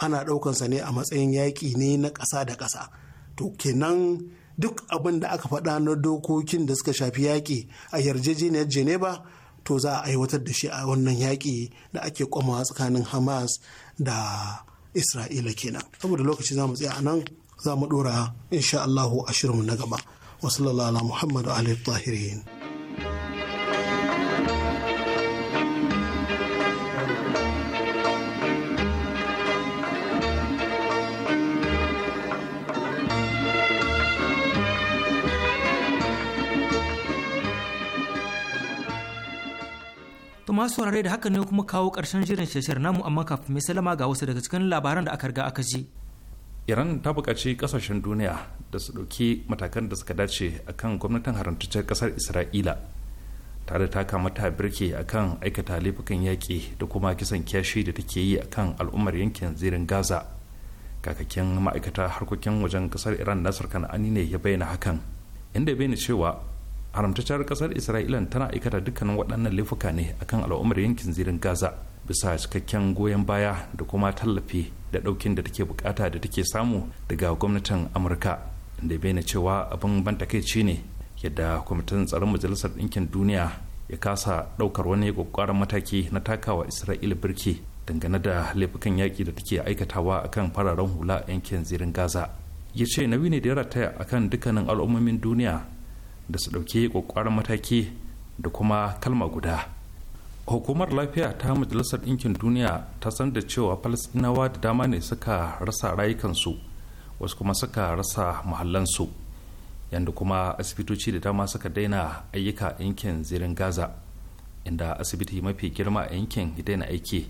ana ɗaukansa ne a matsayin yaƙi ne na ƙasa da ƙasa to kenan duk abin da aka faɗa na dokokin da suka shafi yaƙi a yarjejeniyar geneva to za a aiwatar da shi a wannan yaƙi da ake kwamawa tsakanin hamas da isra'ila kenan saboda lokaci za mu tsaya a nan za mu ɗora insha allahu a shirinmu na gaba wasu lalala muhammadu alaihi tahirin To masu saurare da haka ne kuma kawo ƙarshen shirin shashar namu amma kafin mai salama ga wasu daga cikin labaran da aka riga aka ji. Iran ta buƙaci ƙasashen duniya da su ɗauki matakan da suka dace akan gwamnatin haramtaccen ƙasar Isra'ila tare ta kama ta birke akan aikata laifukan yaƙi da kuma kisan kyashi da take yi a kan al'ummar yankin zirin Gaza. Kakakin ma'aikata harkokin wajen ƙasar Iran Nasir Kana'ani ne ya bayyana hakan inda ya bayyana cewa haramtacciyar kasar isra'ila tana aikata dukkanin waɗannan laifuka ne akan al'ummar yankin zirin gaza bisa cikakken goyon baya da kuma tallafi da ɗaukin da take bukata da take samu daga gwamnatin amurka da bayyana cewa abin ban takaici ne yadda kwamitin tsaron majalisar ɗinkin duniya ya kasa ɗaukar wani ƙwaƙƙwaran mataki na takawa isra'ila birki dangane da laifukan yaƙi da take aikatawa akan fararen hula yankin zirin gaza ya ce nauyi ne da ya rataya akan dukkanin al'ummomin duniya da su ɗauki ƙwaƙwaran mataki da kuma kalma guda hukumar lafiya ta majalisar ɗinkin duniya ta san da cewa falasɗinawa da dama ne suka rasa rayukansu wasu kuma suka rasa mahallansu yadda kuma asibitoci da dama suka daina ayyuka yankin zirin gaza inda asibiti mafi girma a yankin ya daina aiki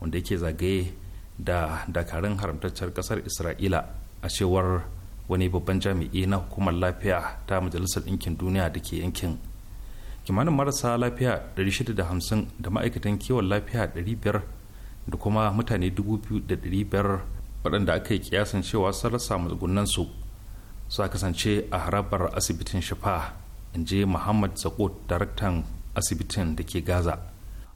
wanda yake zagaye da dakarun haramtaccen kasar isra'ila a cewar wani babban jami'i na hukumar lafiya ta majalisar ɗinkin duniya da ke yankin kimanin marasa lafiya 650 da ma'aikatan kiwon lafiya 500 da kuma mutane 2,500 waɗanda aka yi kiyasan cewa sun rasa matsugunansu su kasance a harabar asibitin shifa in je muhammad zakot daraktan asibitin da ke gaza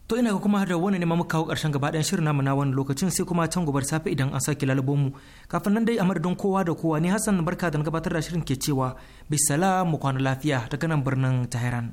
To ina ga kuma da wani ne ma muka kawo ƙarshen gaba ɗayan shirin namu na wani lokacin sai kuma can gobar safe idan an sake lalubon mu. Kafin nan dai a madadin kowa da kowa ne Hassan barka da na gabatar da shirin ke cewa bisala mu kwana lafiya daga nan birnin Tehran.